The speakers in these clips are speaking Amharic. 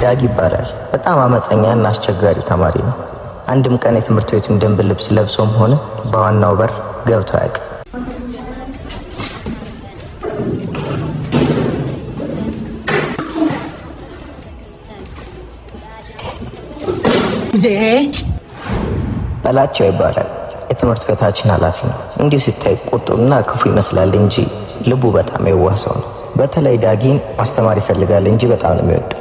ዳግ ይባላል። በጣም አመፀኛ እና አስቸጋሪ ተማሪ ነው። አንድም ቀን የትምህርት ቤቱን ደንብ ልብስ ለብሶም ሆነ በዋናው በር ገብቶ አያውቅም። በላቸው ይባላል። የትምህርት ቤታችን ኃላፊ ነው። እንዲሁ ሲታይ ቁጡና ክፉ ይመስላል እንጂ ልቡ በጣም የዋህ ሰው ነው። በተለይ ዳጊን ማስተማር ይፈልጋል እንጂ በጣም ነው የሚወዱ።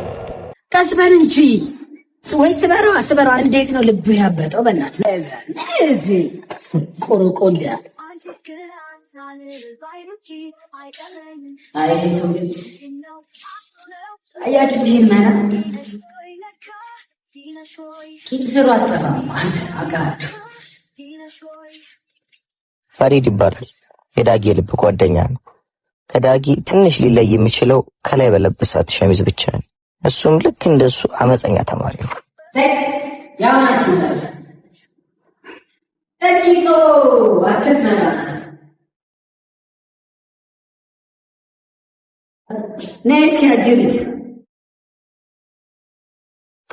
ቀስበን እንጂ ወይ ስበራ ስበራ። እንዴት ነው ልቡ ያበጠው? በእናት እዚህ ቆሮቆንዳ አያችሁ ይህን መና ፈሪድ ይባላል። የዳጌ ልብ ጓደኛ ነው። ከዳጊ ትንሽ ሊለይ የሚችለው ከላይ በለበሳት ሸሚዝ ብቻ ነው። እሱም ልክ እንደሱ አመፀኛ ተማሪ ነው።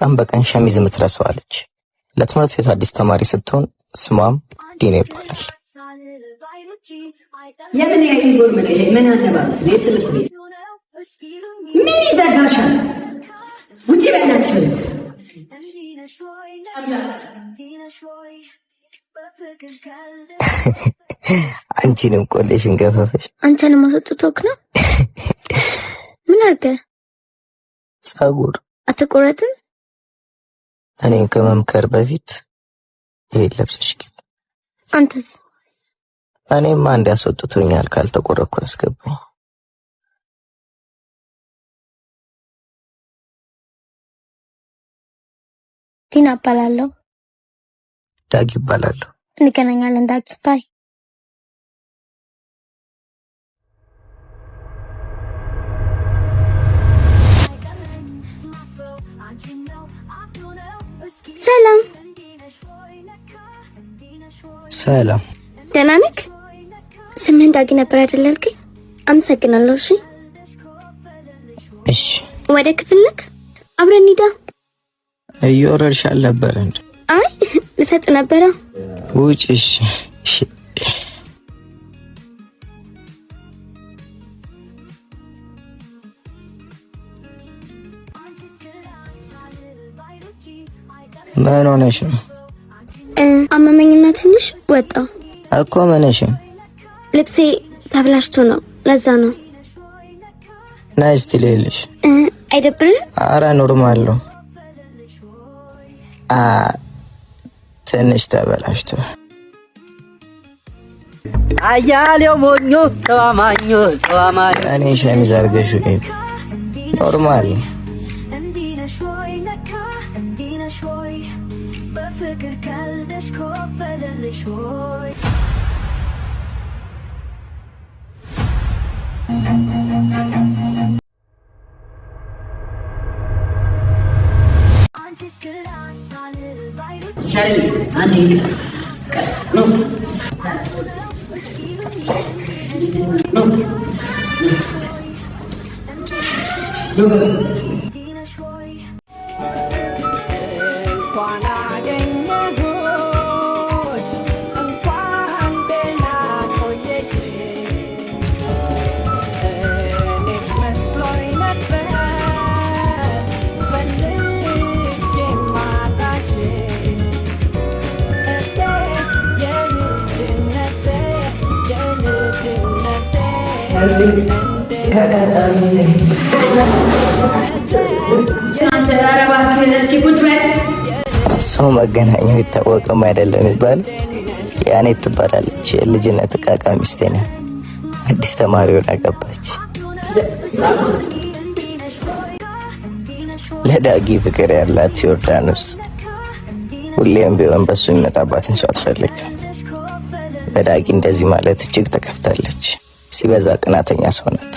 ቀን በቀን ሸሚዝ ምትረሰዋለች። ለትምህርት ቤቱ አዲስ ተማሪ ስትሆን ስሟም ዲና ይባላል። የምን ያይጎል ምን ምን አለባበስ ነው? የትልቁ ምን ይዘጋሻል? ውጪ አንቺንም ቆሌሽን ገፈፈሽ። ነው? ምን አርገ ጸጉር አትቆረጥም? እኔ ከመምከር በፊት ይሄ ለብሰሽ አንተስ እኔማ እንዲያስወጥቶኛል ካልተቆረኩ ያስገባኝ። ዲና እባላለሁ። ዳግ እባላለሁ። እንገናኛለን ዳጊ። ባይ ሰላም ሰላም፣ ደህና ነህ? ስምህን ዳጊ ነበር አይደል ያልከኝ? አመሰግናለሁ። እሺ እሺ። ወደ ክፍል ልክ አብረን ሂዳ። እየወረድሽ አልነበረ እንዴ? አይ ልሰጥ ነበረ። ውጭ። እሺ ምን ሆነሽ ነው? አመመኝና ትንሽ ወጣ እኮ ምንሽም ልብሴ ተብላሽቶ ነው፣ ለዛ ነው። ና እስቲ ልሄልሽ። አይደብርም? አረ ኖርማል ነው። አ ትንሽ ተበላሽቶ አያሌው ሞኞ ሰው አማኞ ሰው አማኞ እኔ ሸሚዝ አድርገሽ ኖርማል ነው። 네. ሰው መገናኘው ይታወቅም አይደለም ይባል። ያኔ ትባላለች የልጅነት እቃቃ ሚስቴ ነው። አዲስ ተማሪውን አገባች። ለዳጊ ፍቅር ያላት ዮርዳኖስ ሁሌም ቢሆን በሱ የሚመጣባትን ሰው አትፈልግም። በዳጊ እንደዚህ ማለት እጅግ ተከፍታለች። ሲበዛ ቅናተኛ ሰው ናት።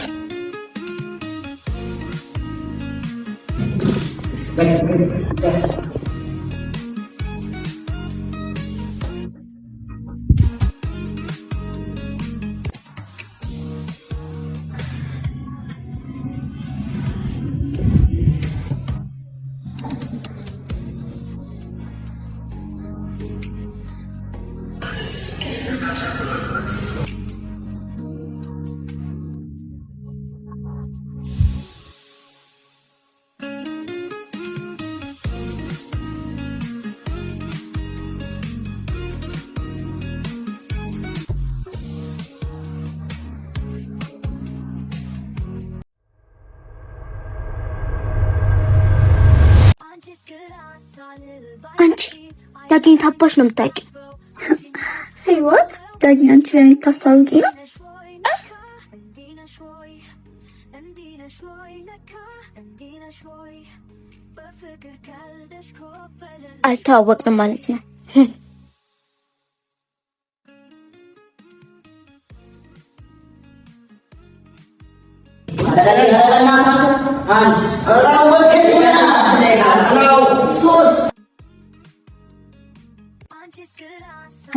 ዳግኝ ታባሽ ነው የምታውቂው። ሴይወት ዳግኝ አንቺ ላይ ታስተዋውቂ ነው አልተዋወቅንም ማለት ነው። አንድ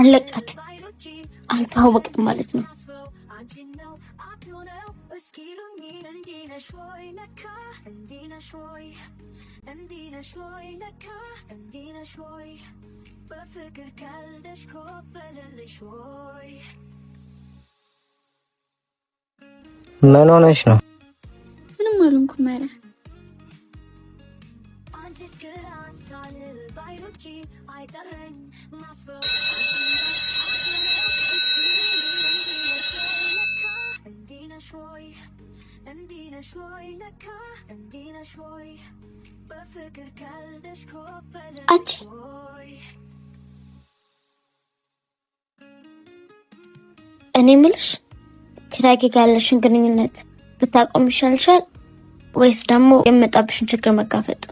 አለቃት አልተዋወቅም ማለት ነው። ምን ሆነሽ ነው? ምንም አልሆንኩም። አንቺ አይጠረኝ እኔ ምልሽ ጋር ያለሽን ግንኙነት ብታቆም ይሻልሻል ወይስ ደግሞ የመጣብሽን ችግር መጋፈጥ?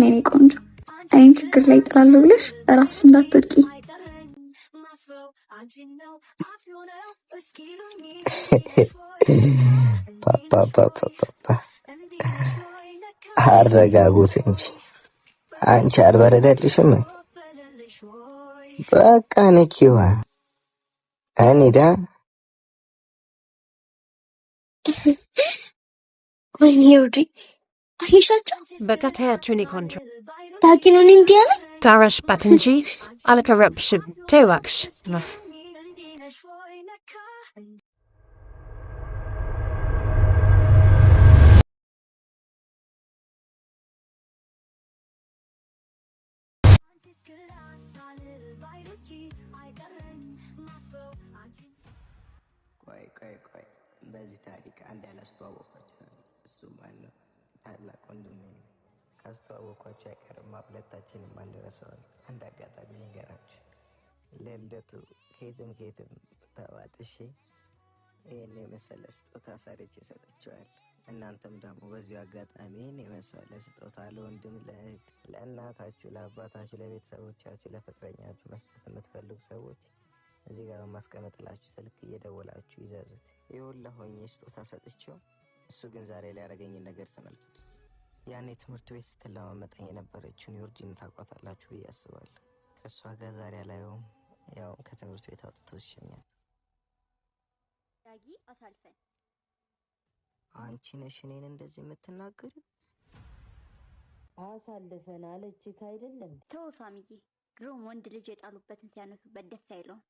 ነው የኔ ቆንጆ። አይን ችግር ላይ ጥላሉ ብለሽ ራስሽ እንዳትወድቂ። አረጋጉት እንጂ አንቺ አልበረደልሽም። በቃ ንኪዋ እኔዳ ወይኔ ውዴ አየሻቸው። በከታያችን ቆንጆ ዳጊኑን እንዲህ አለ። ታረሽባት እንጂ አልከረብሽም። ተይ እባክሽ። ቆይ ቆይ ቆይ፣ በዚህ ታሪክ አንድ ያላስተዋወቃችሁ እሱ ማን ነው? ታላቅ ወንድሜ ነው። ካስተዋወኳቸው አይቀርም ሁለታችንም አልደረሰዋል። አንድ አጋጣሚ ነገራችሁ ለልደቱ ከየትም ከየትም ተዋጥሼ ይህን የመሰለ ስጦታ ሰርቼ ሰጥቼዋለሁ። እናንተም ደግሞ በዚሁ አጋጣሚ ይህን የመሰለ ስጦታ ለወንድም፣ ለእህት፣ ለእናታችሁ፣ ለአባታችሁ፣ ለቤተሰቦቻችሁ፣ ለፍቅረኛችሁ መስጠት የምትፈልጉ ሰዎች እዚህ ጋር በማስቀመጥላችሁ ስልክ እየደወላችሁ ይዘዙት። ይሁን ለሆኝ ስጦታ ሰጥቼው እሱ ግን ዛሬ ላይ ያደረገኝን ነገር ተመልከቱት። ያኔ ትምህርት ቤት ስትለማመጠኝ የነበረችውን ዮርጂን ታቋታላችሁ ብዬ አስባለሁ። ከእሷ ጋር ዛሬ ላይውም ያው ከትምህርት ቤት አውጥቶ ሲሸኛል ዳጊ አሳልፈን አንቺ ነሽ እኔን እንደዚህ የምትናገር አሳልፈን አለችክ አይደለም ተወፋምዬ ድሮም ወንድ ልጅ የጣሉበትን ሲያነሱበት ደስ አይለውም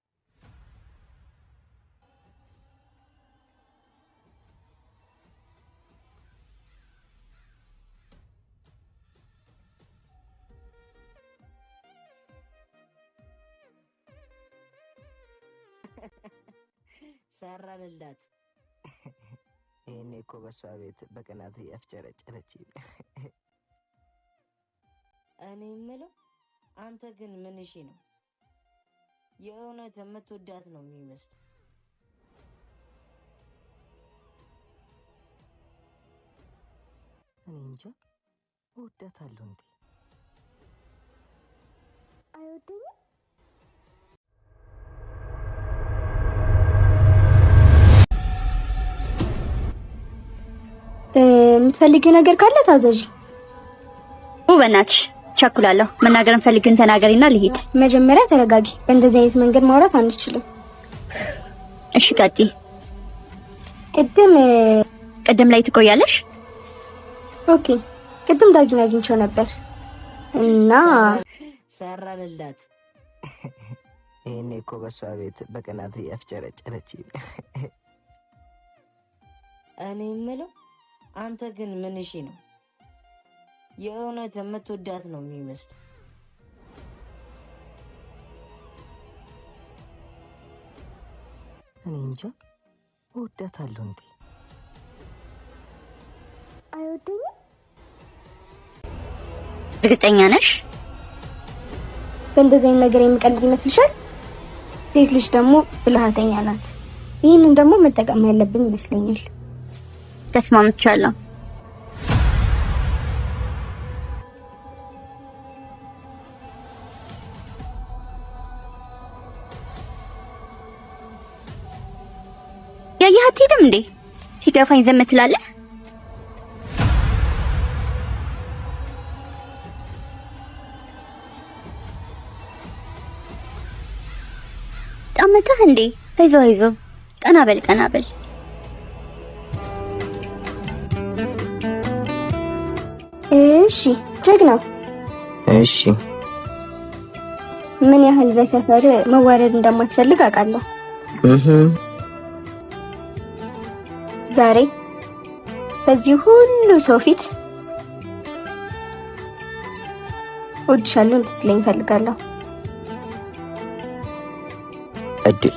ሰራንላት። ይህኔ እኮ በሷ ቤት በቅናት ያፍጨረጨረች። እኔ የምለው አንተ ግን ምንሽ ነው? የእውነት የምትወዳት ነው የሚመስል እኔ እንጃ እወዳታለሁ እንዴ አይወደኝም የምትፈልጊው ነገር ካለ ታዘዥ። በእናትሽ ቸኩላለሁ። መናገር የምትፈልጊውን ተናገሪና ልሂድ። መጀመሪያ ተረጋጊ። በእንደዚህ አይነት መንገድ ማውራት አንችልም። እሺ፣ ቀጥይ። ቅድም ቅድም ላይ ትቆያለሽ? ኦኬ። ቅድም ዳጊን አግኝቼው ነበር እና ሰራልላት። ይሄኔ እኮ በሷ ቤት በቀናት እያፍጨረጨረች እኔ የምለው አንተ ግን ምን እሺ ነው? የእውነት የምትወዳት ነው የሚመስል። እኔ እንጃ አለው እንዴ? አይወደኝም። እርግጠኛ ነሽ? በእንደዚህ አይነት ነገር የሚቀልድ ይመስልሻል? ሴት ልጅ ደግሞ ብልሃተኛ ናት። ይህንን ደግሞ መጠቀም ያለብን ይመስለኛል። ተስማምቻለሁ። ያየህ አትሄድም እንዴ? ሲገፋኝ ዘመ ትላለህ? ጣመተህ እንዴ? አይዞህ አይዞህ፣ ቀና በል ቀና በል። እሺ፣ ነው እሺ። ምን ያህል በሰፈር መዋረድ እንደማትፈልግ አውቃለሁ። ዛሬ በዚህ ሁሉ ሰው ፊት እወድሻለሁ እንድትለኝ እፈልጋለሁ። እድል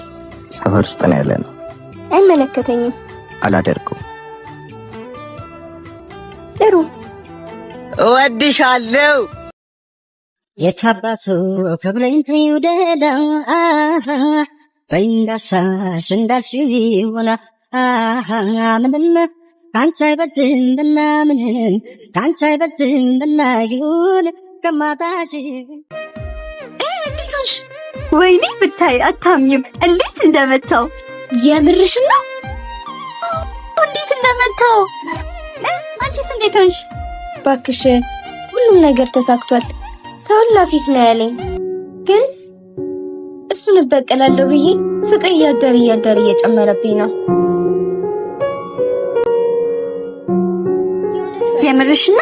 ሰፈር ውስጥ ነው ያለ ነው። አይመለከተኝም። አላደርገው። ጥሩ እወድሻለሁ። የታባቱ ከብለኝ ትውደደው በይንዳሳሽ እንዳልሽሆና ምንም ከአንቺ አይበልጥም ብናምንም ከአንቺ አይበልጥም ብናይሁን ከማጣሽ ሊሶሽ ወይኔ ብታይ አታምኝም እንዴት እንደመታው የምርሽ ነው እንዴት እንደመታው አንቺስ እንዴት ሆንሽ? ባክሽ ሁሉም ነገር ተሳክቷል። ሰው ላፊት ነው ያለኝ፣ ግን እሱን እበቀላለሁ ብዬ ፍቅር እያደር እያደር እየጨመረብኝ ነው። የምርሽና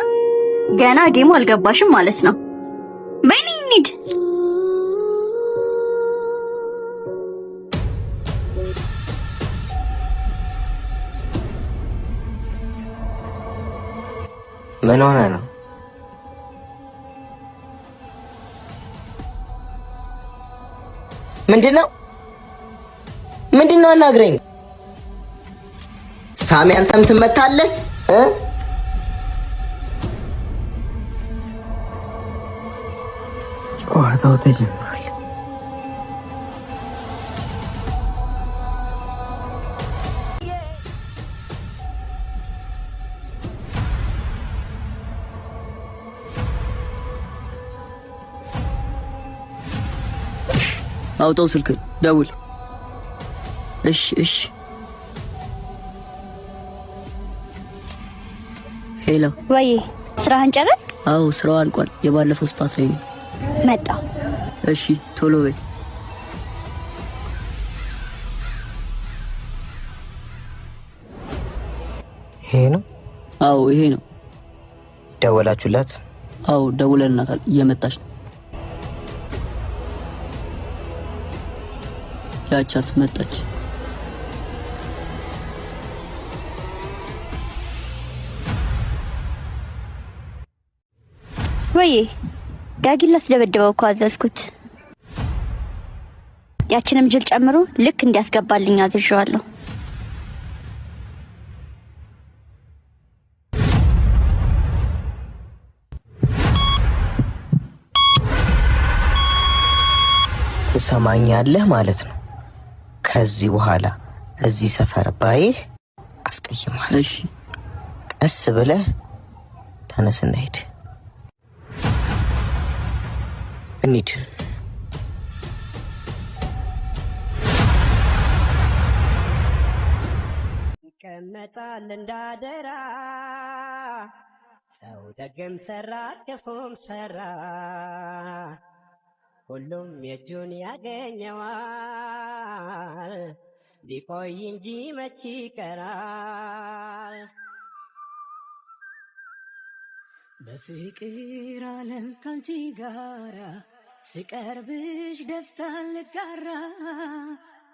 ገና ጌሙ አልገባሽም ማለት ነው። በይኔ እንሂድ ምን ነው? ምንድን ነው? ምንድን ነው? አናግረኝ ሳሚ፣ አንተም ትመታለህ ጨዋታው ተጀመረ። አውጣው፣ ስልክ ደውል። እሺ፣ እሺ። ሄሎ፣ ወይ ስራህን ጨረስ? አዎ፣ ስራው አልቋል። የባለፈው ስፓት ላይ ነው። መጣ እሺ፣ ቶሎ በይ። ይሄ ነው? አዎ፣ ይሄ ነው። ደወላችሁላት? አዎ፣ ደውለናታል። እየመጣች ነው። ያቻት መጣች። ወይ ዳጊን ላስደበድበው እኮ አዘዝኩት። ያችንም ጅል ጨምሮ ልክ እንዲያስገባልኝ አዝዤዋለሁ። ትሰማኛለህ ማለት ነው። ከዚህ በኋላ እዚህ ሰፈር ባይህ አስቀይማል። እሺ፣ ቀስ ብለህ ተነስ፣ እንሂድ፣ እንሂድ። ይቀመጣል እንዳደራ ሰው ደግም ሰራ ክፉም ሰራ ሁሉም የእጁን ያገኘዋል። ቢቆይ እንጂ መች ይቀራል። በፍቅር ዓለም ካንቺ ጋራ ስቀርብሽ ደስታ ልጋራ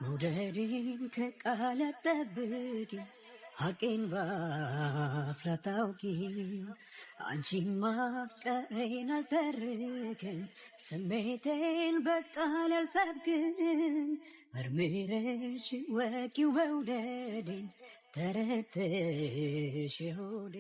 መውደዴን ከቃላት ጠብቂ ሀቄን ባፍላታውቂ አንቺ ማፍቀሬን አልተርክም ስሜቴን በቃል አልሰብክም መርምረሽ ወቂው መውደዴን ተረተሽ ሆዴ